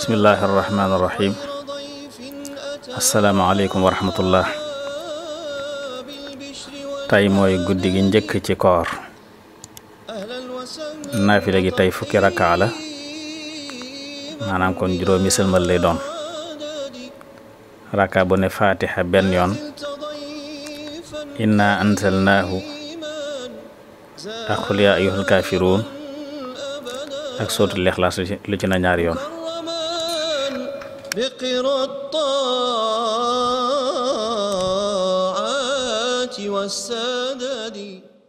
bismillahi arrahmani irrahim asalaamaaleykum wa rahmatullah tey mooy guddi gi njëkk ci koor naafila gi tey fukki rakkaa la maanaam kon juróomi sëlmal lay doon rakka bu ne fatiha benn yoon inna anzalnaahu ak xul yaa ayyuhal kaafiruun ak sootul lexlaas lu ci na ñaari yoon بقرى الطاعات والسدد